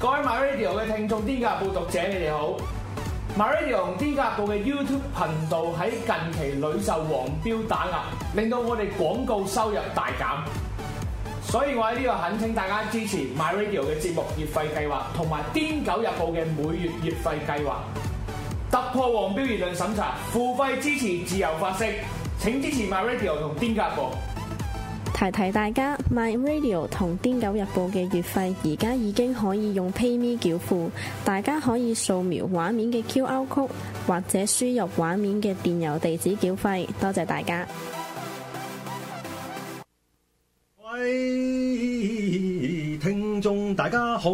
各位 MyRadio 嘅聽眾，《癲狗報》讀者，你哋好！MyRadio 同《癲狗報》嘅 YouTube 頻道喺近期屢受黃標打壓，令到我哋廣告收入大減。所以我喺呢度懇請大家支持 MyRadio 嘅節目月費計劃，同埋《癲狗日報》嘅每月月月費計劃，突破黃標言論審查，付費支持自由發聲。請支持 MyRadio 同《癲狗報》。提提大家，My Radio 同《癲狗日報》嘅月費而家已經可以用 PayMe 繳付，大家可以掃描畫面嘅 QR Code 或者輸入畫面嘅電郵地址繳費。多謝大家，喂，聽眾大家好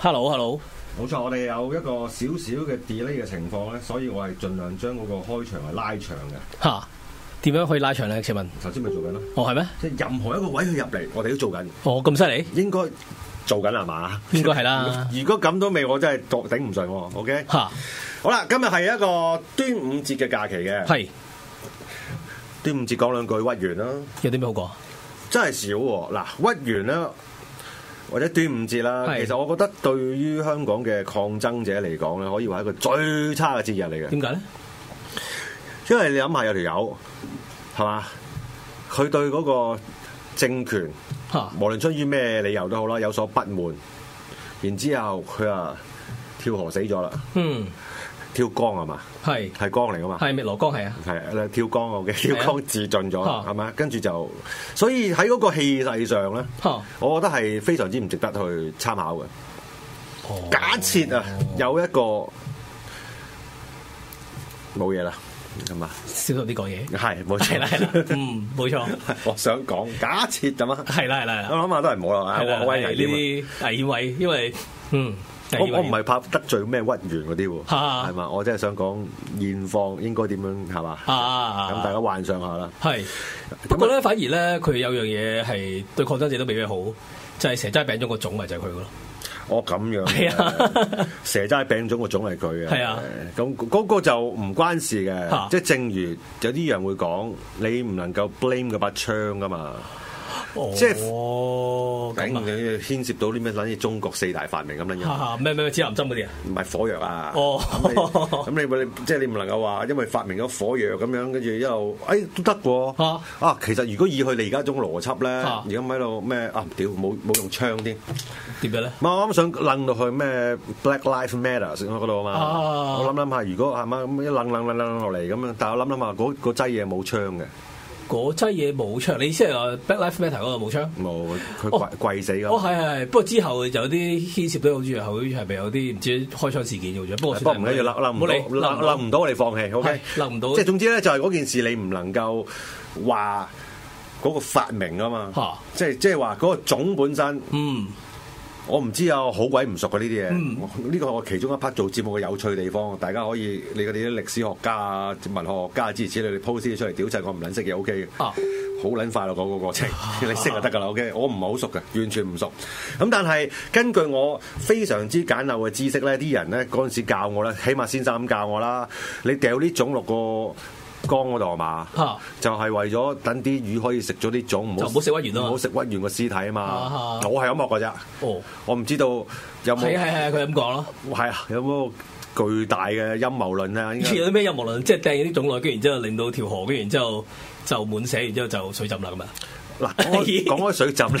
，Hello，Hello，冇錯，我哋有一個少少嘅 delay 嘅情況咧，所以我係盡量將嗰個開場係拉長嘅。吓？點樣可以拉長咧？請問，頭先咪做緊咯？哦，係咩？即係任何一個位佢入嚟，我哋都做緊。哦，咁犀利？應該做緊啦，係嘛？應該係啦。如果咁都未，我真係頂唔順。OK 哈。吓，好啦，今日係一個端午節嘅假期嘅。係是。端午節講兩句屈原啦、啊。有啲咩好講？真係少嗱、啊，屈原咧、啊，或者端午節啦、啊。是其實我覺得對於香港嘅抗爭者嚟講咧，可以話係一個最差嘅節日嚟嘅。點解咧？因為你諗下有條友，係嘛？佢對嗰個政權，無論出於咩理由都好啦，有所不滿，然之後佢啊跳河死咗啦。嗯，跳江係嘛？係係江嚟噶嘛？係汨羅江係啊。係跳江我記跳江自盡咗，係咪啊？跟住就，所以喺嗰個氣勢上咧， 我覺得係非常之唔值得去參考嘅。假設啊，有一個冇嘢啦。咁啊，少啲講嘢，係冇錯，係啦，嗯，冇錯。我想講假設咁啊，係啦，係啦，我諗下都係唔好啦，係屈威啊呢啲危險位，因為嗯，我我唔係怕得罪咩屈原嗰啲喎，係嘛，我真係想講現況應該點樣係嘛，咁大家幻想下啦。係不過咧，反而咧，佢有樣嘢係對抗爭者都未必好，就係成齋病咗個腫咪就係佢咯。我咁樣，蛇齋病種個種係佢嘅，咁嗰個就唔關事嘅，即係正如有啲人會講，你唔能夠 blame 嗰把槍㗎嘛。即係，頂、哦啊、牽涉到啲咩？等於中國四大發明咁樣嘢。咩咩？指南針嗰啲啊？唔係火藥啊。哦，咁你咪即係你唔、即係、能夠話，因為發明咗火藥咁樣，跟住一路，哎都得喎。啊，啊，其實如果以佢哋而家種邏輯咧，而家喺度咩啊？唔啊屌，冇冇用槍添。點樣咧？我諗想諗落去咩？Black Lives Matter 食喺嗰度啊嘛。我諗諗下，如果係嘛咁，啊、一諗諗諗落嚟咁樣，但係我諗諗下，嗰、嗰個嗰個劑嘢冇槍嘅。嗰劑嘢冇槍，你意思係話《Black Lives Matter》嗰個冇槍，冇佢跪跪死㗎。哦，係係，不過之後有啲牽涉到好似好似係咪有啲唔知開槍事件做好，不過唔緊，諗唔到，你諗唔到我放棄，OK？諗唔到，即係總之咧，就係嗰件事你唔能夠話嗰個發明啊嘛，即係即係話嗰個種本身嗯。我唔知啊，好鬼唔熟啊呢啲嘢。呢個、嗯、係我其中一 part 做節目嘅有趣地方，大家可以你哋啲歷史學家啊、文學家之類，你鋪啲出嚟屌曬我唔撚識嘅 OK 嘅。好撚、啊、快咯，講、個過程，你識就得㗎啦 OK。我唔係好熟嘅，完全唔熟。咁但係根據我非常之簡陋嘅知識咧，啲人咧嗰陣時教我咧，起碼先生咁教我啦，你掉呢種落個江嗰度係嘛？哈就係為咗等啲魚可以食咗啲糭，唔好唔好食屈原咯，唔好食屈原個屍體啊嘛。我係咁話噶啫。啊、哦，我唔知道有冇係係係佢咁講咯。係啊，有冇巨大嘅陰謀論啊？以前有啲咩陰謀論？即係掟啲糭落去，然之後令到條河，跟然之後就滿死，然之後就水浸啦咁啊！嗱， 講開水浸咧，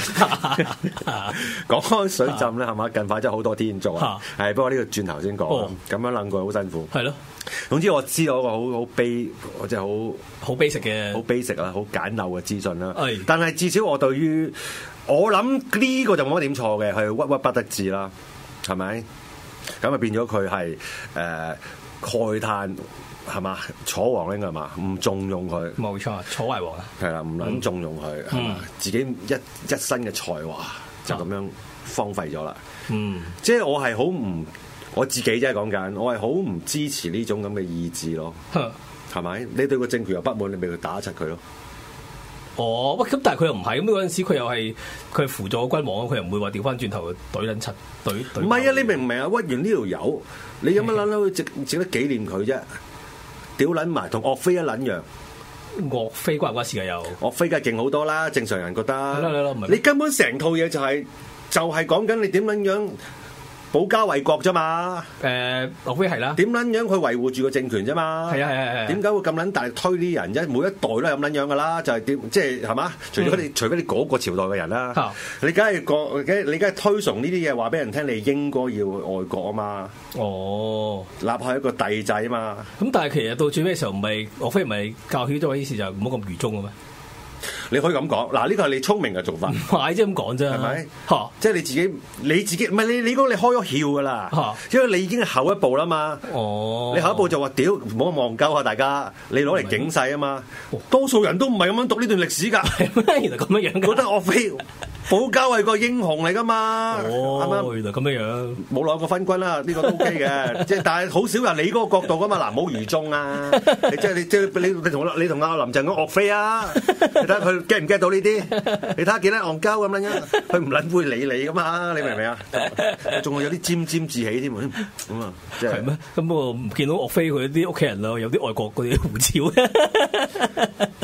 講開水浸咧，係嘛？ 近排真係好多天災，係不過呢個轉頭先講，咁、oh. 樣諗過好辛苦。係咯，總之我知道一個好好 base，即係好好 basic 嘅、好 basic 好簡陋嘅資訊啦。係，oh. 但係至少我對於我諗呢個就冇乜點錯嘅，係屈屈不得志啦，係咪？咁啊變咗佢係誒。呃慨嘆，係嘛，楚王應該係嘛，唔重用佢，冇錯，楚懷王啦，係啦，唔捻重用佢，嗯、自己一一身嘅才華就咁樣荒廢咗啦，嗯，即係我係好唔，我自己啫講緊，我係好唔支持呢種咁嘅意志咯，係咪、嗯？你對個政權又不滿，你咪去打柒佢咯。哦，喂！咁但係佢又唔係咁，嗰陣時佢又係佢係扶咗君王佢又唔會話掉翻轉頭懟撚七懟。唔係啊，你明唔明啊？屈原呢條友，你有乜撚撚值值得紀念佢啫？屌撚埋同岳飛一撚樣，岳飛瓜唔瓜事嘅又？岳飛梗係勁好多啦！正常人覺得。你你根本成套嘢就係、係、就係、係、講緊你點撚樣。保家衛國啫嘛，誒、呃，岳飛係啦，點撚樣去維護住個政權啫嘛，係啊係係，點解、啊啊、會咁撚大力推，推呢啲人啫？每一代都係咁撚樣噶啦，就係點即係係嘛？除咗你，嗯、除咗你嗰個朝代嘅人啦，啊、你梗係個，你梗係推崇呢啲嘢，話俾人聽，你應該要愛國啊嘛。哦，立下一個弟仔嘛。咁、嗯、但係其實到最尾嘅時候，唔係岳飛唔係教誨宗憲時就唔好咁愚忠嘅咩？你可以咁講，嗱呢個係你聰明嘅做法。唔係即咁講啫，係咪？嚇！即係你自己，你自己唔係你你講你開咗竅㗎啦。嚇哈！因為你已經係後一步啦嘛。哦，你後一步就話屌，唔好咁忘鳩下大家，你攞嚟警世啊嘛。是是多數人都唔係咁樣讀呢段歷史㗎。係咩？原來咁樣樣㗎。覺得我 feel。 武家係個英雄嚟噶嘛？咁樣樣冇兩個分軍啦，呢個都 OK 嘅。即係但係好少人理嗰個角度噶嘛，嗱，冇愚忠啊！你即係你即係你同你同阿林鄭嗰岳飛啊？你睇下佢 get 唔 get 到呢啲？你睇下見得戇鳩咁樣樣，佢唔撚會理你噶嘛？你明唔明啊？仲係有啲沾沾自喜添咁啊？係咩？咁我見到岳飛佢啲屋企人啊，有啲外國嗰啲胡椒咧。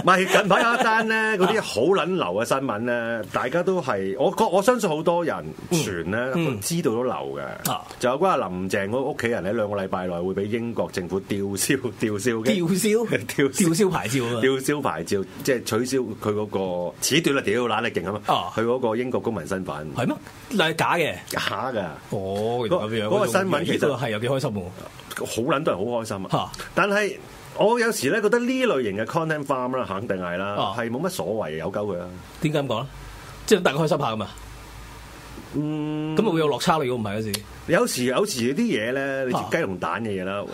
唔係近排有一單咧，嗰啲好撚流嘅新聞咧，大家都係。我我我相信好多人傳咧知道都流嘅，就有關阿林鄭嗰屋企人喺兩個禮拜內會俾英國政府吊銷吊銷吊銷吊吊銷牌照吊銷牌照，即係取消佢嗰個此段啊屌，懶力勁啊嘛！哦，佢嗰個英國公民身份係嗎？嗱，假嘅假嘅哦。嗰個新聞其實係有幾開心喎，好撚多人好開心啊！但係我有時咧覺得呢類型嘅 content farm 啦，肯定係啦，係冇乜所謂，有鳩佢啦。點解咁講？即係大家開心下㗎嘛？嗯，咁咪會有落差咯？如果唔係嗰時，有時有時啲嘢咧，啊、你食雞同蛋嘅嘢啦。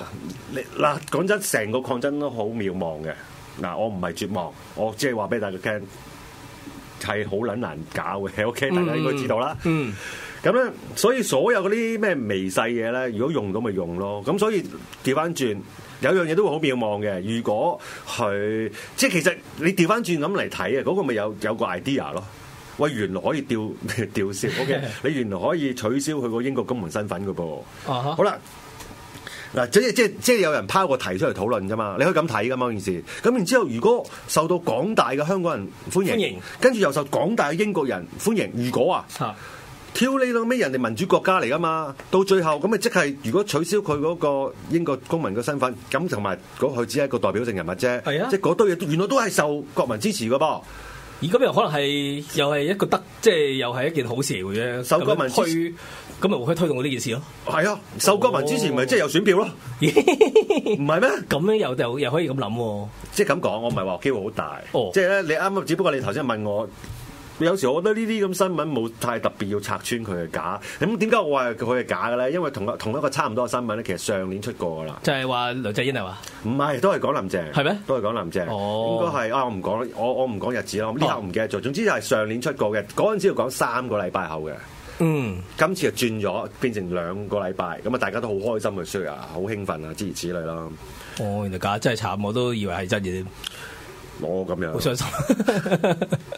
你嗱講真，成個抗爭都好渺茫嘅。嗱，我唔係絕望，我只係話俾大家聽，係好撚難搞嘅。O、okay? K，嗯、大家應該知道啦。嗯，咁咧，所以所有嗰啲咩微細嘢咧，如果用到咪用咯。咁所以調翻轉，有樣嘢都會好渺茫嘅。如果佢即係其實你調翻轉咁嚟睇啊，嗰、那個咪有有個 idea 咯。喂，原來可以吊吊銷，OK？你原來可以取消佢個英國公民身份㗎噃，好啦，嗱，即係即係即係有人拋個題出嚟討論啫嘛，你可以咁睇噶嘛，件事。咁然之後，如果受到廣大嘅香港人歡迎，跟住又受廣大嘅英國人歡迎，如果啊，挑你到咩人哋民主國家嚟噶嘛，到最後咁咪即係如果取消佢嗰個英國公民嘅身份，咁同埋佢只係一個代表性人物啫，係啊，即係嗰堆嘢原來都係受國民支持㗎噃。而咁、欸、又可能係又係一個得，即係又係一件好事嘅啫。受國民推，咁咪會可以推動到呢件事咯。係啊，受國民支持咪即係有選票咯。唔係咩？咁咧又又又可以咁諗，即係咁講，我唔係話機會好大。哦，即剛剛，即係咧，你啱啱只不過你頭先問我。有時我覺得呢啲咁新聞冇太特別要拆穿佢嘅假，咁點解我話佢係假嘅咧？因為同同一個差唔多嘅新聞咧，其實上年出過噶啦。就係話梁振英係嘛？唔係，都係講林鄭。係咩？都係講林鄭。哦。應該係啊，哦，我唔講，我我唔講日子咯。呢刻唔記得咗。哦，總之就係上年出過嘅，嗰陣時要講三個禮拜後嘅。嗯。今次就轉咗，變成兩個禮拜。咁啊，大家都好開心啊，share，好興奮啊，諸如此類咯。哦，原來假，真係慘，我都以為係真嘅添。我咁樣，好傷心，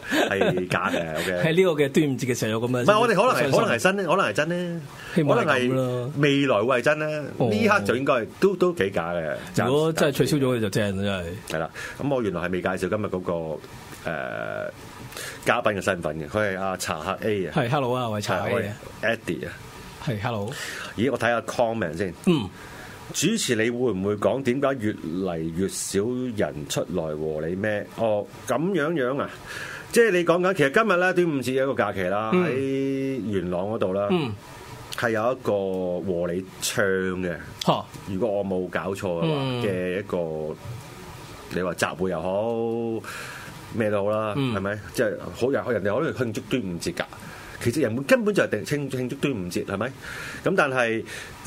係假嘅。OK，係呢個嘅端午節嘅時候有咁樣，唔係我哋可能係可能係真，可能係真咧，可能係未來會係真咧。呢刻就應該都都幾假嘅。如果真係取消咗佢就正啦，真係。係啦，咁我原來係未介紹今日嗰個誒嘉賓嘅身份嘅，佢係阿茶客 A 啊。係 Hello 啊，喂茶客，Eddie a 啊，係 Hello。咦，我睇下 comment 先。嗯。主持你會唔會講點解越嚟越少人出來和你咩？哦，咁樣樣啊，即係你講緊其實今日咧，端午節有一個假期啦，喺元朗度啦，係、嗯、有一個和你唱嘅，如果我冇搞錯嘅話、嗯、一個你話集會又好，咩都好啦，係咪、嗯？即係好人，人哋可能慶祝端午節嘅。其實人本根本就係慶慶祝端午節，係咪？咁但係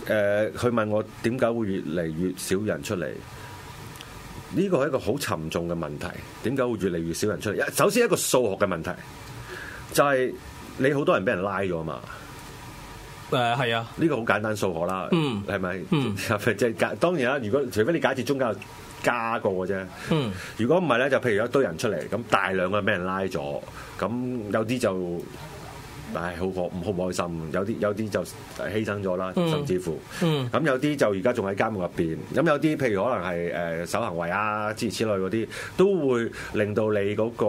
誒，佢、呃、問我點解會越嚟越少人出嚟？呢個係一個好沉重嘅問題。點解會越嚟越少人出嚟？首先一個數學嘅問題，就係、是、你好多人俾人拉咗嘛？誒係、呃、啊，呢個好簡單數學啦。嗯，係咪吧？即係、嗯、 當然啦。如果除非你假設中間加過嘅啫。嗯、如果唔係咧，就譬如一堆人出嚟，咁大量嘅俾人拉咗，咁有啲就。但係好可唔好開心，有啲有啲就犧牲咗啦，甚至乎，咁有啲就而家仲喺監獄入邊，咁有啲譬如可能係誒守行為啊之如此類嗰啲，都會令到你嗰個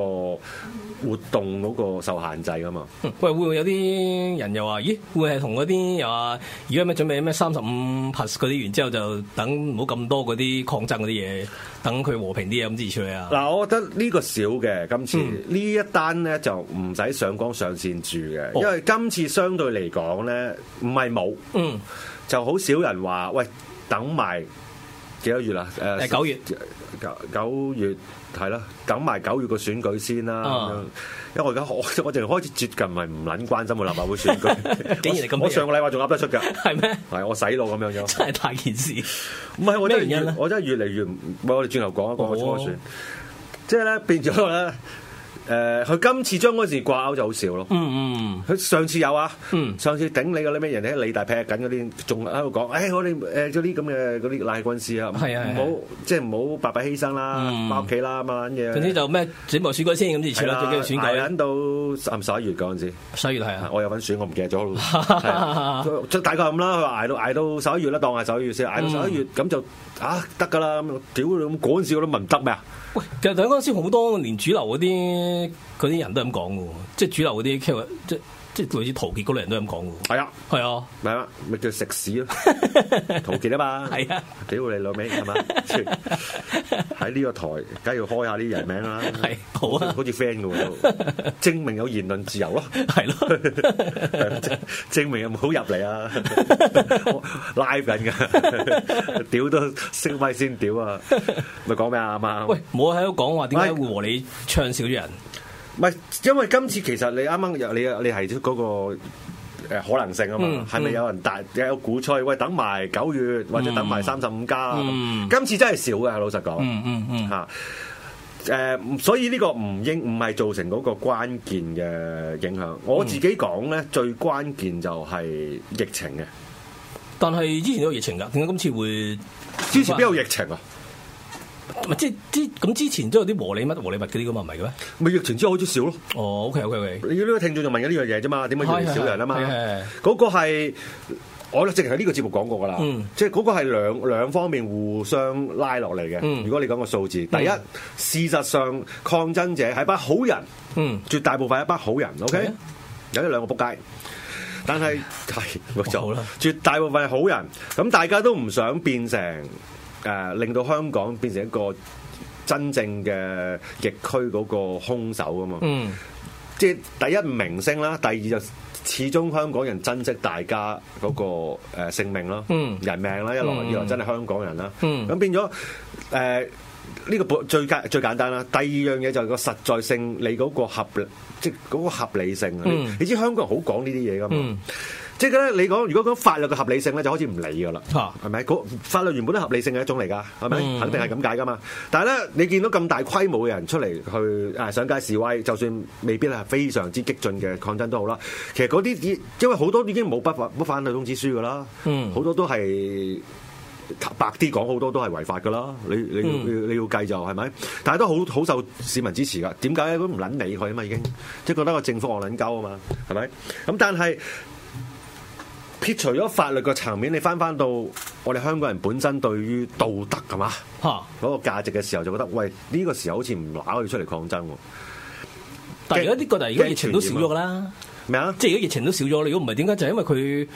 活動嗰個受限制㗎嘛、嗯。喂，會唔會有啲人又話，咦？會唔會係同嗰啲又話，而家咪準備咩三十五 plus 嗰啲，完之後就等唔好咁多嗰啲抗爭嗰啲嘢？等佢和平啲啊，咁至出嚟啊！嗱，我覺得呢個少嘅今次呢一單咧就唔使上綱上線住嘅，哦、因為今次相對嚟講咧唔係冇，嗯，就好少人話喂等埋幾多月啊？誒、呃、九月九、呃、九月係啦，等埋九月個選舉先啦咁、嗯、樣。因為我而家我我淨係開始接近，咪唔撚關心個立法會選舉。 竟然咁，我上個禮拜仲噏得出㗎。係咩 嗎？係我洗腦咁樣樣。真係大件事。唔係我真係越嚟越唔。唔係我哋轉頭講一個初選。即係咧變咗咧。 誒佢、呃、今次將嗰陣時掛鈎就好少咯，嗯嗯、mm，佢、hmm. 上次有啊，mm hmm. 上次頂你嗰啲咩人哋喺李大劈緊嗰啲，仲喺度講，誒我哋誒做啲咁嘅嗰啲賴軍師啊，嘛、啊，唔好即係唔好白白犧牲啦，翻屋企啦咁樣嘢。」總之就咩選無選舉先咁而出啦，啊、最近、嗯、選舉揾到十一、嗯、月嗰陣時，時，十一月係啊，我有份選我唔記得咗， 大概咁啦，佢話捱到捱到十一月啦，當係十一月先，捱到十一月咁就啊，啊，啊，得㗎啦，屌你咁嗰陣時我都問唔得咩啊！喂，其實頭嗰陣時好多連主流嗰啲嗰啲人都咁講嘅喎，即係主流嗰啲 c a 即。即係類似陶傑嗰類人都咁講噶，係啊的，係啊、嗯，咪啊咪叫食屎咯， 陶傑啊嘛，係啊是的，屌你老味，係嘛，喺呢個台，梗係要開下啲人名啦，係好啊好，好似 friend 噶，證明有言論自由咯，係咯，證明又唔好入嚟啊，live 緊噶，屌都識咪先屌啊，咪講咩啊嘛，喂，冇喺度講話點解會和你唱少人？唔係，因為今次其實你啱啱你你係出嗰個可能性啊嘛，係咪、嗯、有人大有鼓吹？喂，等埋九月或者等埋三十五家。嗯、今次真係少㗎，老實講、嗯。嗯嗯、啊、所以呢個唔應唔係造成嗰個關鍵嘅影響。嗯、我自己講咧，最關鍵就係疫情嘅。但係之前都有疫情㗎，點解今次會？之前邊有疫情啊？咪即係之咁之前都有啲和你乜和你物嗰啲咁啊，唔係嘅咩？咪疫情之後好似少咯。哦、oh,，OK OK, okay.。你呢個聽眾就問緊呢樣嘢啫嘛？點解越嚟越少人啊？嘛，嗰 個係我咧，正係呢個節目講過噶啦。即係嗰個係兩兩方面互相拉落嚟嘅。Mm. 如果你講個數字，第一、mm. 事實上抗爭者係班好人，嗯、mm. 絕大部分係一班好人。OK，有一兩個仆街，但係係就好啦，絕大部分係好人。咁大家都唔想變成。誒，令到香港變成一個真正嘅疫區嗰個凶手啊嘛，嗯，即係第一名聲啦，第二就始終香港人珍惜大家嗰個誒性命咯，嗯，人命啦，一來二來真係香港人啦，嗯，咁變咗誒呢個最簡最簡單啦，第二樣嘢就係個實在性，你嗰個合理，即係個合理性，嗯你，你知香港人好講呢啲嘢噶嘛，嗯即係咧，你講如果講法律嘅合理性咧，就開始唔理噶啦，係咪、啊？法律原本都合理性係一種嚟㗎，係咪？嗯嗯，肯定係咁解㗎嘛。但係咧，你見到咁大規模嘅人出嚟去啊上街示威，就算未必係非常之激進嘅抗爭都好啦。其實嗰啲，因為好多已經冇不法不反對通知書㗎啦，好、嗯嗯、多都係白啲講，好多都係違法㗎啦。你你要你要，你要計就係咪？但係都好好受市民支持㗎。點解？都唔撚理佢啊嘛，已經即係覺得個政府戇撚鳩啊嘛，係咪？咁但係。撇除咗法律嘅層面，你翻翻到我哋香港人本身對於道德係嘛嗰個價值嘅時候，就覺得喂呢、呢個時候好似唔可以出嚟抗爭。但係而家呢個，就係而家疫情都少咗啦。咩啊然？即係而家疫情都少咗啦。麼如果唔係點解就係、係、因為佢。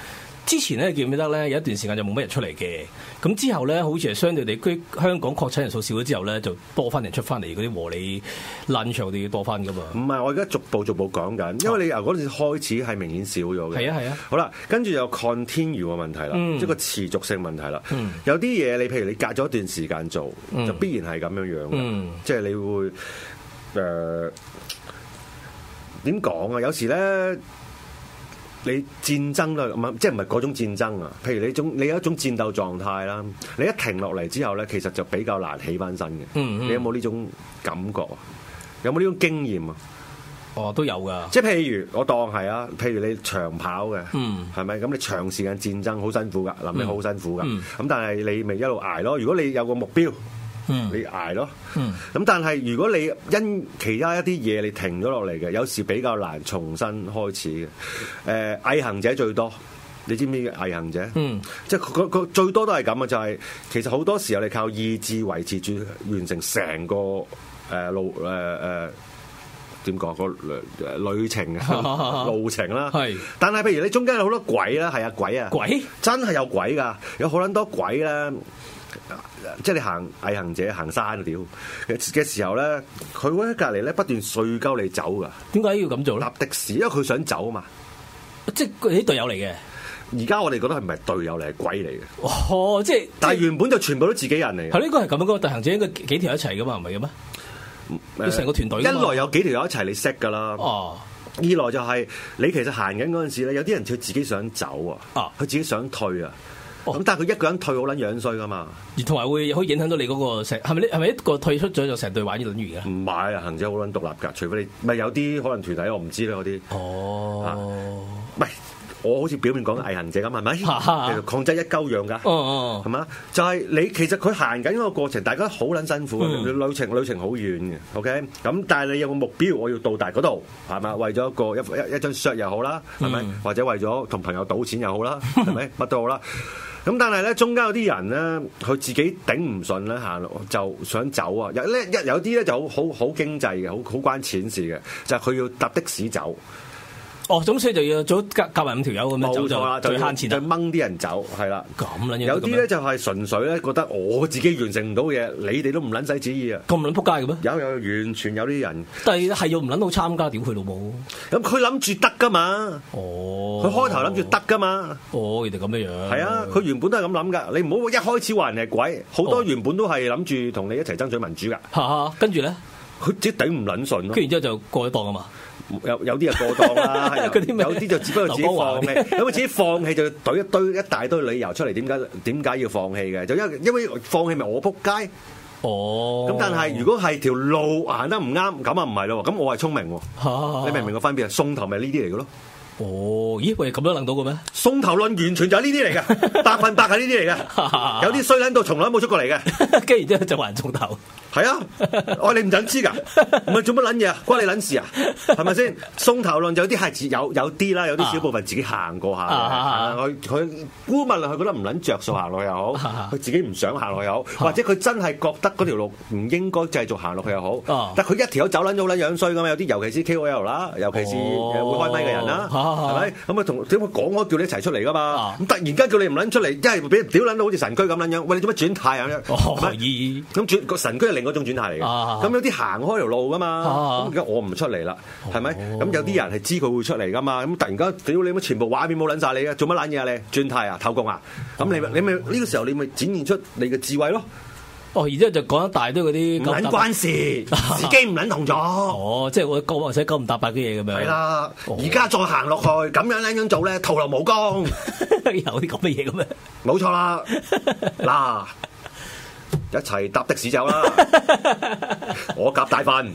之前咧記唔記得咧？有一段時間就冇乜人出嚟嘅。咁之後咧，好似係相對地區，香港確診人數少咗之後咧，就多翻人出翻嚟。嗰啲和你鄰場哋要多翻噶嘛？唔係，我而家逐步逐步講緊，因為你由嗰陣時開始係明顯少咗嘅。係啊、哦，係啊。好啦，跟住又 continue 嘅問題啦，即係、嗯、個持續性問題啦。嗯、有啲嘢你譬如你隔咗一段時間做，就必然係咁樣樣嘅，嗯嗯、即係你會誒點講啊？有時咧。你戰爭啦，唔係即係唔係嗰種戰爭啊？譬如你種你有一種戰鬥狀態啦，你一停落嚟之後咧，其實就比較難起翻身嘅。你有冇呢種感覺啊？有冇呢種經驗啊？哦，都有噶。即係譬如我當係啊，譬如你長跑嘅，嗯，係咪咁你長時間戰爭好辛苦噶，嗱、嗯、你好辛苦噶，咁、嗯嗯嗯、但係你咪一路捱咯。如果你有個目標。嗯，你捱咯，嗯，咁但係如果你因其他一啲嘢你停咗落嚟嘅，有時比較難重新開始嘅。誒、呃，毅行者最多，你知唔知毅行者？嗯、就是，即係佢佢最多都係咁嘅，就係、是、其實好多時候你靠意志維持住完成成個誒路誒誒點講個旅、呃、旅程、嗯、路程啦。係， 但係譬如你中間有好多鬼啦，係啊鬼啊，鬼真係有鬼噶，有好撚多鬼啦。即係你行毅行者行山屌嘅時候咧，佢會喺隔籬咧不斷碎鳩你走噶。點解要咁做咧？搭的士，因為佢想走啊嘛。即係佢哋啲隊友嚟嘅。而家我哋覺得係唔係隊友嚟，係鬼嚟嘅。哦，即係。但係原本就全部都自己人嚟。係呢個係咁樣嘅，但毅行者應該幾條一齊噶嘛，唔係嘅咩？佢成、呃、個團隊。一來有幾條友一齊你識噶啦。哦。二來就係你其實行緊嗰陣時咧，有啲人佢自己想走啊，佢自己想退啊。咁、哦、但係佢一個人退好撚樣衰噶嘛？同埋會可影響到你嗰個成係咪咧？係咪一個退出咗就成隊玩呢撚魚嘅？唔係啊，行者好撚獨立㗎，除非你咪有啲可能團體，我唔知啦嗰啲。哦、啊，唔係我好似表面講毅行者咁係咪？其實抗爭一鳩樣㗎，係嘛？就係你其實佢行緊嗰個過程，大家好撚辛苦、嗯、旅程旅程好遠嘅，OK。咁但係你有個目標，我要到達嗰度係嘛？為咗一個一一張桌又好啦，係咪？或者為咗同朋友賭錢又好啦，係咪？乜都好啦。咁但係咧，中間有啲人咧，佢自己頂唔順咧，行路就想走啊！有咧一有啲咧就好好好經濟嘅，好好關錢事嘅，就係佢要搭的士走。哦，總之就要組夾埋五條友咁樣走咗，最慳錢就掹啲人走，係啦。咁有啲咧就係純粹咧覺得我自己完成唔到嘢，你哋都唔撚使旨意啊！咁唔撚撲街嘅咩？有有完全有啲人，但係係要唔撚到參加，屌佢老母！咁佢諗住得噶嘛？哦，佢開頭諗住得噶嘛？哦，原嚟咁嘅樣。係啊，佢原本都係咁諗噶，你唔好一開始話人係鬼，好多原本都係諗住同你一齊爭取民主噶。跟住咧，佢自己頂唔撚順咯。跟完之後就過一檔啊嘛。有就 有啲又過檔啦，有啲就只不過自己放棄， 有冇自己放棄就堆一堆一大堆理由出嚟？點解點解要放棄嘅？就因因為放棄咪我撲街哦。咁、oh. 但係如果係條路行得唔啱，咁啊唔係咯。咁我係聰明喎，oh. 你明唔明個分別啊？送頭咪呢啲嚟嘅咯。哦，咦，喂，咁都諗到嘅咩？送頭論完全就係呢啲嚟嘅，百分百係呢啲嚟嘅， 有啲衰撚到從來冇出過嚟嘅，跟住之後就話重頭，係啊， 我、哎、話你唔準知㗎，唔係做乜撚嘢啊，關你撚事啊，係咪先？送頭論有啲係有有啲啦，有啲少部分自己過、啊、行過下嘅，佢佢估問落覺得唔撚着數行落去又好，佢自己唔想行落去又好，或者佢真係覺得嗰條路唔應該繼續行落去又好，但佢一條走撚咗撚樣衰咁啊！有啲尤其是 K O L 啦，尤其是會開咪嘅人啦。啊啊係咪咁啊？同點會講我叫你一齊出嚟噶嘛？咁突然間叫你唔捻出嚟，一係俾人屌捻到好似神區咁捻樣。喂，你做乜轉態啊？咁轉個神區係另一種轉態嚟嘅。咁有啲行開條路噶嘛？咁而家我唔出嚟啦，係咪？咁有啲人係知佢會出嚟噶嘛？咁突然間屌你乜全部畫面冇捻晒你呀，做乜捻嘢啊你？轉態啊，透工啊？咁你你咪呢個時候你咪展現出你嘅智慧咯。哦，然之後就講一大堆嗰啲唔卵關事， 自己唔卵同咗。 哦，即係我講或者九唔搭八啲嘢咁樣。係啦了，而家、哦、再行落去咁樣樣樣做咧，徒勞無功。 有啲咁嘅嘢嘅咩？冇錯啦，嗱 啦。 一齊搭的士走啦！我夾大份，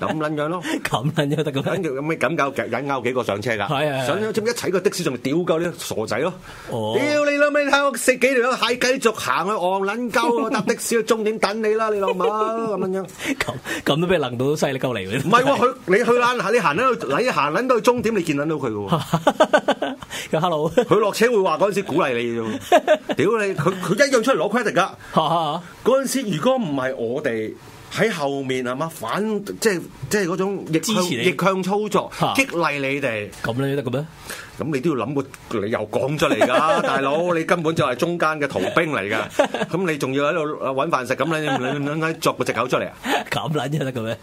咁捻樣咯，咁捻樣得咁捻樣有咩咁夠？引勾幾個上車噶？係啊！上一齊個的士仲屌夠呢傻仔咯！屌你老味！睇我食幾條蟹，繼續行去戇捻鳩，搭的士去終點等你啦！你老母咁樣咁咁都俾你諗到犀利夠嚟嘅。唔係喎，你去啦吓，你行到嚟行到去終點，你見捻到佢嘅喎。Hello，佢落車會話嗰陣時鼓勵你屌你！佢佢一樣出嚟攞 credit 噶。嗰陣時，如果唔係我哋喺後面係嘛？反即即係嗰種逆向，逆向操作，激勵你哋咁咧得嘅咩？咁、啊、你都要諗個理由講出嚟㗎、啊， 大佬你根本就係中間嘅逃兵嚟㗎，咁 你仲要喺度揾飯食咁咧？你你，你，你，你，你，你，你，你作個隻狗出嚟啊？咁撚嘢得嘅咩？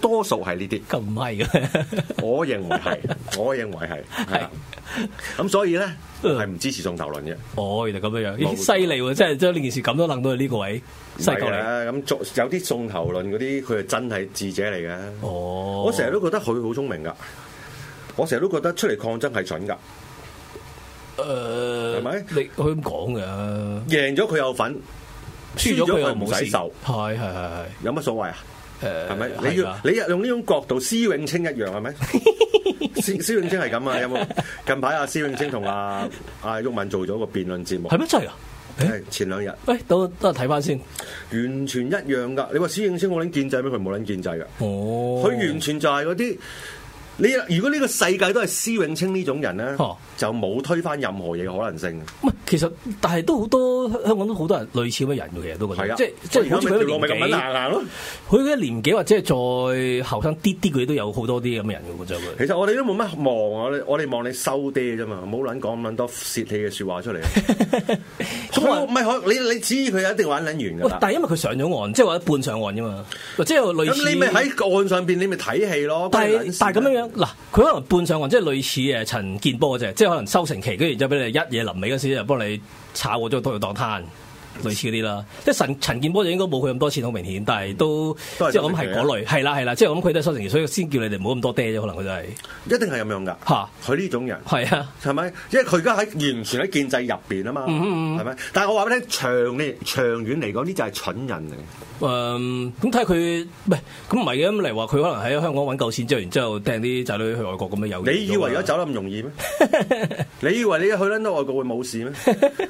多數係呢啲，咁唔係嘅，我認為係，我認為係係，咁所以咧係唔支持送頭論嘅，哦，原來咁樣樣，犀利喎，真係將呢件事咁都諗到係呢個位，犀利啦，咁有啲送頭論嗰啲，佢係真係智者嚟嘅。哦，我成日都覺得佢好聰明噶，我成日都覺得出嚟抗爭係蠢噶，誒，係咪？你佢咁講嘅，贏咗佢有份，輸咗佢又唔使受，係係係係，有乜所謂啊？誒，係咪你要你用呢種角度？施永清一樣係咪？ 施永清係咁啊，有冇近排阿施永清同阿阿郁文做咗個辯論節目？係咩真噶？誒， 前兩日喂，等都睇翻先， 欸、看看完全一樣噶。你話施永清冇撚建制咩？佢冇撚建制噶。哦，佢 完全就係嗰啲你。如果呢個世界都係施永清呢種人咧， 就冇推翻任何嘢嘅可能性。 其實，但係都好多香港都好多人類似咁嘅人嘅，其實都覺得，即即好似佢哋咁年紀，佢嘅年紀或者係再後生啲啲，佢都有好多啲咁嘅人嘅，其實我哋都冇乜望我哋，望你收爹啫嘛，冇好撚講咁撚多泄氣嘅説話出嚟。唔係你你指意佢一定玩撚完㗎。但係因為佢上咗岸，即係話半上岸啫嘛，即係類似咁你咪喺岸上邊，你咪睇戲咯。但係但係咁樣樣嗱，佢可能半上岸，即係類似誒陳建波嘅啫，即係可能收成期，跟住就俾你一嘢臨尾嗰時就幫你。炒我就當攤。 類似嗰啲啦，即係陳陳建波就應該冇佢咁多錢，好明顯，但係都即係咁諗係嗰類，係啦係啦，即係我諗佢都係收成，所以先叫你哋唔好咁多爹啫。可能佢都係一定係咁樣噶，吓佢呢種人係啊，係咪的？因為佢而家喺完全喺建制入邊啊嘛，係咪、嗯嗯嗯？但係我話俾你聽，長呢長遠嚟講，呢就係蠢人嚟、嗯。誒咁睇佢，喂、哎，咁唔係嘅咁嚟話，佢可能喺香港揾夠錢之後，然之後掟啲仔女去外國咁樣有、啊。你以為而家走得咁容易咩？ 你以為你一去撚到外國會冇事咩？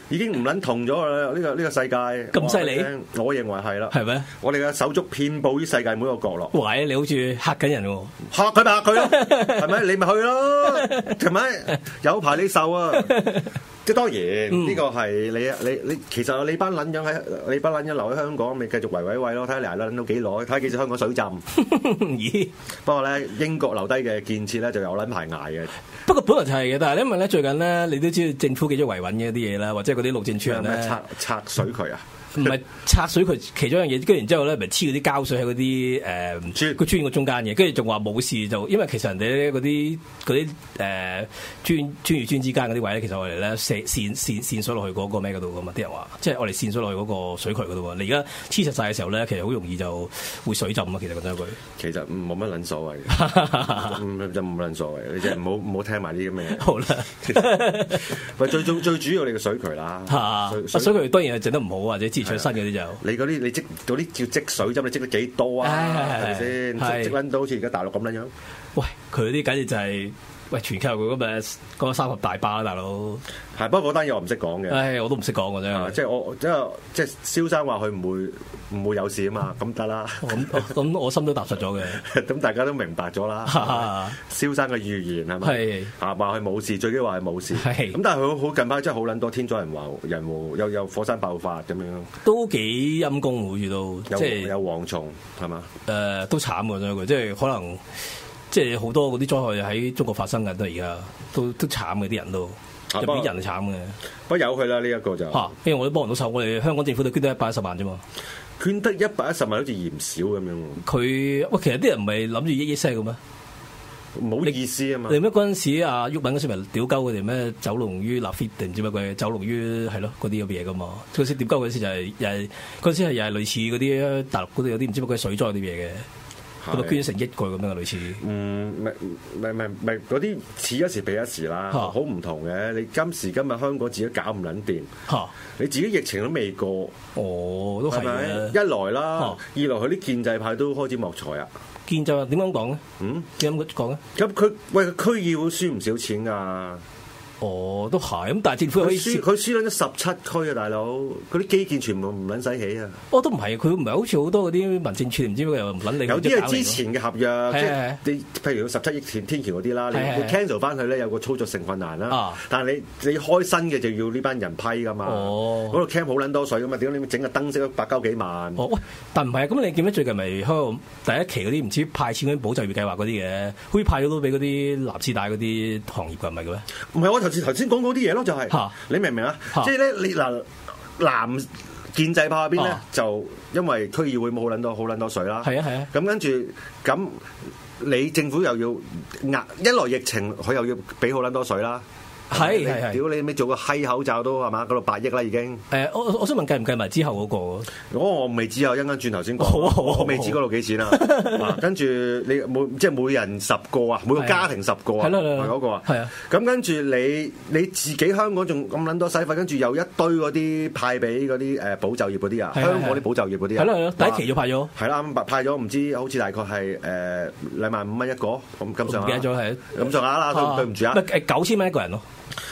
已經唔撚同咗呢個呢個。這個世界咁犀利，我認為係啦。係咪？我哋嘅手足遍布於世界每個角落。喂，你好似嚇緊人喎、啊！嚇佢咪嚇佢咯，係咪？ 你咪去咯，係咪？ 有排你受啊！ 即係當然，呢、嗯、個係你啊你，你其實你班撚樣喺你班撚樣留喺香港，咪繼續維維維咯！睇下嚟挨撚到幾耐，睇下幾時香港水浸。咦？ 不過咧英國留低嘅建設咧，就有撚排挨嘅。不過本來就係嘅，但係因為咧最近咧，你都知道政府幾咗維穩嘅啲嘢啦，或者嗰啲路政處咧。咩拆拆水渠啊？ 唔係拆水渠，其中一樣嘢，跟住然之後咧，咪黐嗰啲膠水喺嗰啲誒，呃、貼 磚佢磚中間嘅，跟住仲話冇事就，因為其實人哋嗰啲嗰啲誒磚磚與磚之間嗰啲位咧、就是，其實我哋咧線線線線索落去嗰個咩嗰度噶嘛，啲人話，即係我哋線索落去嗰個水渠嗰度你而家黐實晒嘅時候咧，其實好容易就會水浸啊，其實講真一句， 其實冇乜撚所謂嘅，就冇撚所謂嘅，你真係唔好唔好聽埋啲咁嘅嘢。好啦，其實係最最最主要你個水渠啦，水渠 當然係整得唔好或者最新嗰啲就，你嗰啲你積嗰啲叫積水啫嘛，你積咗幾多啊？係咪先？積溫到好似而家大陸咁樣樣。 喂，佢嗰啲簡直就係、是。喂，全靠佢今日嗰個三峽大巴，大佬係。不過嗰單嘢我唔識講嘅，唉，我都唔識講嘅啫。即係我，即係即係蕭生話佢唔會唔會有事啊嘛，咁得啦。咁咁我心都踏實咗嘅。咁大家都明白咗啦。蕭生嘅預言，係咪？係話，話佢冇事，最緊要話佢冇事。係咁，但係佢好近排真係好捻多天災人禍，人禍又又火山爆發咁樣，都幾陰功我見到。即係有蝗蟲，係嘛？誒，都慘嘅咗佢，即係可能。即係好多嗰啲災害喺中國發生緊，都而家都都慘嘅啲人都，畀人係慘嘅，不由佢啦呢一個就嚇、啊，因為我都幫唔到手，我哋香港政府都捐得一百一十萬啫嘛，捐得一百一十萬好似嫌少咁樣佢喂，其實啲人唔係諗住億億聲嘅咩？冇意思啊嘛。你唔係嗰陣時啊，鬱敏嗰時咪屌鳩佢哋咩？走龍於立 fit 定唔知乜鬼？走龍於係咯，嗰啲咁嘢嘅嘛。佢時點鳩嗰時就係又係嗰時係又係類似嗰啲大陸嗰度有啲唔知乜鬼水災啲嘢嘅。捐成一個咁樣啊？類似，唔咪咪咪咪嗰啲似一時比一時啦，好唔哈同嘅。你今時今日香港自己搞唔撚掂，哈你自己疫情都未過，哦，都係。一來啦，哈二來佢啲建制派都開始莫財啊。建制點講咧？嗯，點講咧？咁佢、嗯、喂區議會輸唔少錢㗎、啊。哦，都係咁，但係政府佢輸佢輸咗十七區啊，大佬嗰啲基建全部唔撚使起啊！哦，都唔係，佢唔係好似好多嗰啲民政處唔知又唔撚理有啲係之前嘅合約，嗯、即係你、嗯、譬如十七億條天，天橋嗰啲啦，嗯嗯、你 cancel 翻佢咧有個操作成分難啦。嗯、但係你你開新嘅就要呢班人批㗎嘛。哦、嗯，嗰度 camp 好撚多水㗎嘛，點解你整個燈飾都百鳩幾萬？哦、嗯，但唔係啊，咁你見到最近咪喺第一期嗰啲唔知派錢嗰啲保就業計劃嗰啲嘅，好似派咗都俾嗰啲藍絲帶嗰啲行業㗎，係咪嘅咩？唔係我。頭先頭先講嗰啲嘢咯，就係你明唔明啊？即係咧，你嗱藍建制派嗰邊咧，就因為區議會冇好撚多好撚多水啦。係 啊係啊。咁跟住咁，你政府又要壓，一來疫情佢又要俾好撚多水啦。係屌你咩做個閪口罩都係嘛？嗰度八億啦已經。誒，我我想問計唔計埋之後嗰個？如果我未知啊，一陣轉頭先講。我未知嗰度幾錢啊？跟住你每即係每人十個啊，每個家庭十個啊，係嗰個啊。係啊。咁跟住你你自己香港仲咁撚多使費，跟住又一堆嗰啲派俾嗰啲誒保就業嗰啲啊，香港啲保就業嗰啲啊。係咯，第一期就派咗。係啦，派派咗唔知好似大概係誒兩萬五蚊一個咁咁上下。唔記得咗係咁上下啦，對唔住啊？九千蚊一個人咯。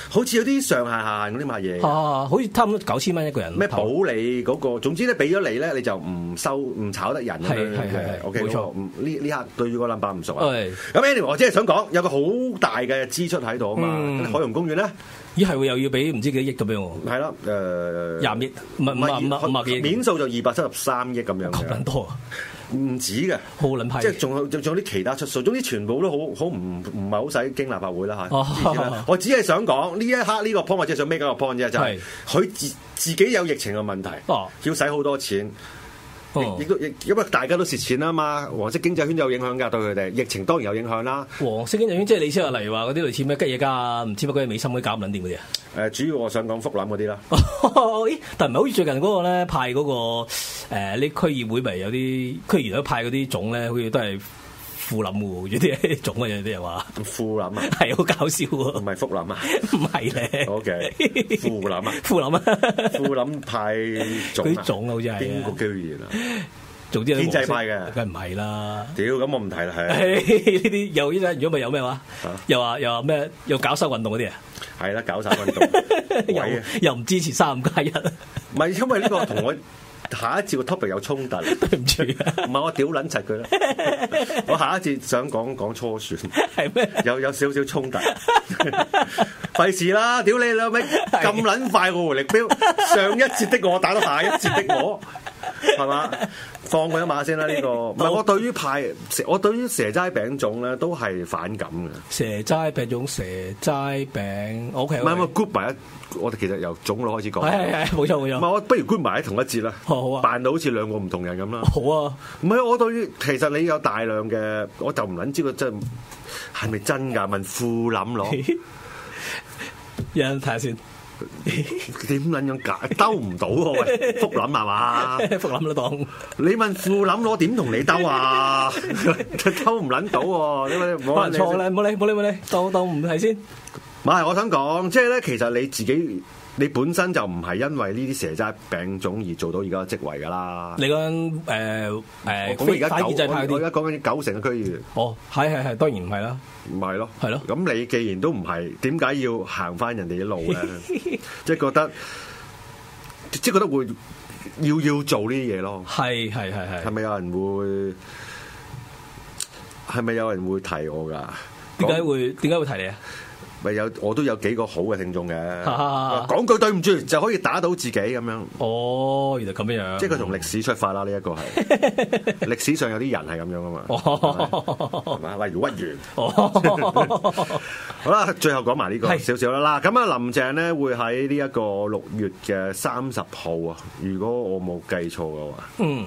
好似有啲上限下限嗰啲乜嘢啊，好似差唔多九千蚊一個人。咩保你嗰、那個，總之咧俾咗你咧，你就唔收唔炒得人。係係係，OK 冇錯錯。呢呢錯刻對住個 number 唔熟啊。咁 Anyway 我只係想講，有個好大嘅支出喺度啊嘛。嗯、海洋公園咧，咦係會又要俾唔知幾億咁樣？係啦，誒廿億唔係五萬五萬幾？免數就二百七十三億咁樣，多。唔止嘅，嗯、即係仲有仲有啲其他出數，總之全部都好好唔唔係好使經立法會啦嚇。我只係想講呢一刻呢個 point，我只係想孭緊個 point 啫，就係、是、佢自是自己有疫情嘅問題，哦、要使好多錢。亦都因為大家都蝕錢啦嘛，黃色經濟圈有影響㗎，對佢哋疫情當然有影響啦。黃色經濟圈即係你先話，例如話嗰啲類似咩吉野家、唔知乜鬼美心會搞唔撚掂嗰啲啊？誒、呃，主要我想講富臨嗰啲啦。但但唔係好似最近嗰個咧派嗰、嗰個誒啲、呃、區議會咪有啲區議員都派嗰啲糭咧，好似都係。富臨糭，嗰啲做乜嘢啲人話？富臨啊，係好搞笑喎！唔係福林啊，唔係咧。OK，富臨啊，富臨啊，富臨派糭啊，嗰啲糭啊，好似係邊個居然啊？總之係建制派嘅，梗唔係啦。屌，咁我唔睇啦。係呢啲又依家，如果唔係又咩話？又話又話咩？又搞手運動嗰啲啊？係啦，搞手運動，又又唔支持三五加一啊？唔係，因為呢個同我。下一節個 topic 有衝突，對唔住、啊，唔係我屌撚柒佢啦， 我下一節想講講初選，係咩嗎？有有少少衝突，費事啦，屌你兩咪咁撚快喎，回力標上一節的我打到下一節的我。係嘛？ 放佢一馬先、這、啦、個，呢個唔係我對於派蛇，我對於蛇齋餅糭咧都係反感嘅。蛇齋餅糭蛇齋餅，我 OK。唔係唔 group 埋一，我哋其實由種類開始講。係係、 嗯，冇錯冇錯。唔係，我不如 group 埋喺同一節啦。好啊，扮到好似兩個唔同人咁啦。好啊，唔係我對於，其實你有大量嘅，我就唔捻知佢真係咪真噶？問富臨攞，影下 先。點捻 樣解？兜唔到喎，富臨係嘛？富臨都當，你問富臨我點同你兜啊？兜唔捻到喎，你唔人錯啦，唔好理唔好理唔好理，當當唔係先。唔係，我想講，即係咧，其實你自己。你本身就唔係因為呢啲蛇齋餅糭而做到而家嘅職位噶啦你。你講誒誒，咁而家九，F ade 我而家講緊九成嘅區域。哦，係係係，當然唔係啦。唔係咯，係是咯。咁你既然都唔係，點解要行翻人哋嘅路咧？ 即係覺得，即係覺得會要要做呢啲嘢咯。係係係係，係咪有人會？係咪有人會提我噶？點解會？點解會提你啊？咪有我都有幾個好嘅聽眾嘅，講 句對唔住就可以打倒自己咁樣。 哦，原來咁樣，嗯、即係佢從歷史出發啦，呢一個係歷史上有啲人係咁樣啊嘛。哦，係咪話屈原？好啦，最後講埋呢、呢個少少啦。嗱，咁啊，林鄭咧會喺呢一個六月嘅三十號啊，如果我冇記錯嘅話，嗯。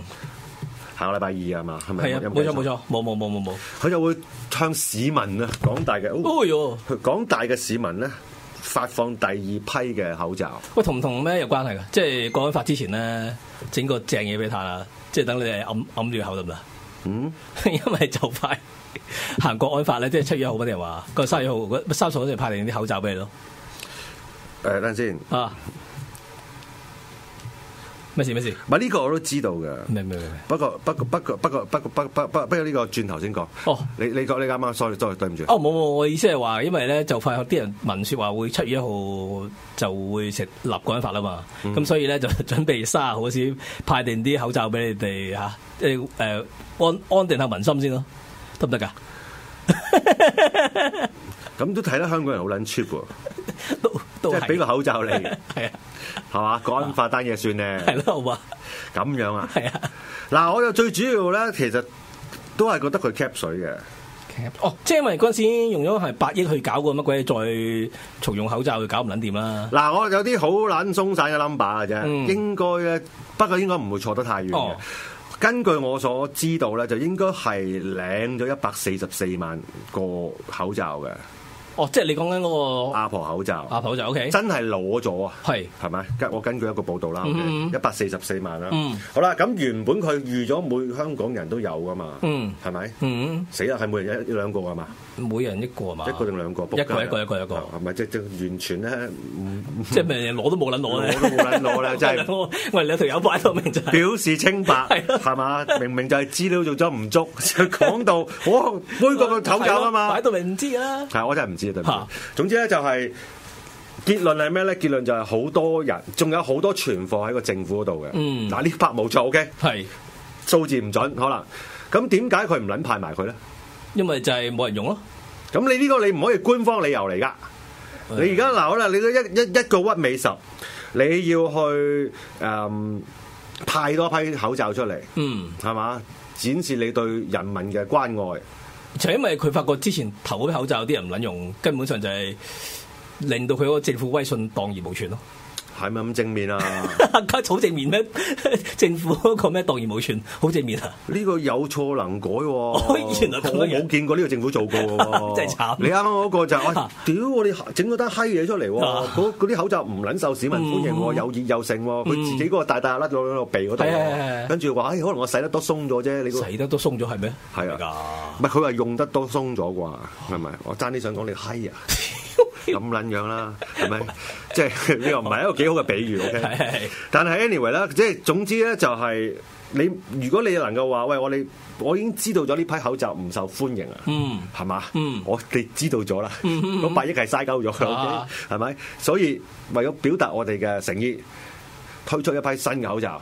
下個禮拜二啊嘛，係咪？係呀，冇錯冇錯冇冇冇冇冇。佢就會向市民啊廣大嘅，哦、哎、呦，廣大嘅市民咧發放第二批嘅口罩。喂，同唔同咩有關係嘅？即係國安法之前咧，整個正嘢俾佢啦，即係等你哋揞揞住口得唔得？嗯， 因為就快行國安法咧，即係七月一號嗰啲人話，個三月號嗰三所就派定啲口罩俾你咯。誒，等陣先啊。咩事？咩事？唔係呢個我都知道嘅，明白。不過不過不過不過不過不過不過呢、呢個轉頭先講。哦，哦，你你講你啱啱，sorry，對唔對唔住？哦，冇冇，我意思係話，因為咧就快有啲人聞説話會七月一號就會實施國安法啦嘛，咁、嗯、所以咧就準備卅號先派定啲口罩俾你哋吓，即係誒安安定下民心先咯，行行啊、 得唔得㗎？咁都睇得香港人好撚 cheap 喎。 即就俾個口罩你，係 啊，係嘛，幹翻單嘢算咧，係咯，好嘛，咁樣啊，係啊，嗱，我就最主要咧，其實都係覺得佢 cap 水嘅 cap 哦，即係因為嗰陣時用咗係八億去搞個乜鬼嘢，再重用口罩，去搞唔捻掂啦。嗱，我有啲好捻鬆散嘅 number 嘅啫，嗯、應該咧，不過應該唔會錯得太遠、哦、根據我所知道咧，就應該係領咗一百四十四萬個口罩嘅。哦，即係你講緊嗰個阿婆口罩，阿婆口罩 O K，真係攞咗啊！係係咪？我根據一個報道啦，一百四十四萬啦。好啦，咁原本佢預咗每香港人都有噶嘛？係咪？死啦！係每人一兩個啊嘛？每人一個啊嘛？一個定兩個？一個一個一個一個，係咪即係完全咧，即係明人攞都冇捻攞啦，攞都冇捻攞啦，真係我我你兩條友擺到明，就表示清白係嘛？明明就係資料做咗唔足，講到我每個個口罩啊嘛，擺到明唔知啊。我真係唔知。吓，對哈總之咧就係結論係咩咧？結論就係好多人，仲有好多存貨喺個政府嗰度嘅。嗯，嗱呢筆冇錯，OK 是。係數字唔準，嗯、可能咁點解佢唔捻派埋佢咧？因為就係冇人用咯。咁你呢個你唔可以官方理由嚟噶、嗯。你而家嗱，可能你都一一一個屈美十，你要去誒、嗯、派多批口罩出嚟。嗯，係嘛？展示你對人民嘅關愛。就因為佢發覺之前投嗰啲口罩啲人唔捻用，根本上就係令到佢嗰個政府威信蕩然無存咯。係咪咁正面啊？梗係好正面咩？政府嗰個咩蕩然無存，好正面啊？呢個有錯能改。以前 原來咁這樣。冇見過呢個政府做過。 真係慘是、哎。你啱啱嗰個就喂，屌我哋整咗單閪嘢出嚟。嗰嗰啲口罩唔撚受市民歡迎，又熱又剩。佢自己嗰個大大甩咗喺鼻嗰度。跟住話：哎，可能我洗得多鬆咗啫。你洗得多鬆咗係咩？係啊，唔係佢話用得多鬆咗啩？係咪？我爭啲想講你閪啊！咁撚樣啦，係咪？即係呢個唔係一個幾好嘅比喻，OK？但係 anyway 啦，即係總之咧、就係，就係你如果你能夠話喂，我哋我已經知道咗呢批口罩唔受歡迎啊、嗯，嗯，係嘛，嗯，我哋知道咗啦，嗰百億係嘥鳩咗 OK？係咪？所以為咗表達我哋嘅誠意，推出一批新嘅口罩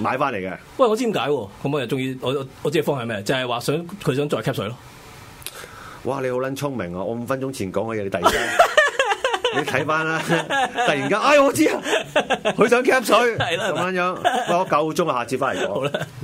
買翻嚟嘅。喂，我知點解？咁我又鍾意，我我知個方向係咩？就係、係、話想佢想再吸水咯。哇！你好撚聰明啊、哦！我五分鐘前講嘅嘢你突然， 你睇翻啦！突然間，哎我知啦，佢想 cap 水咁撚樣， 喂，我夠鐘啊，下次翻嚟講。 好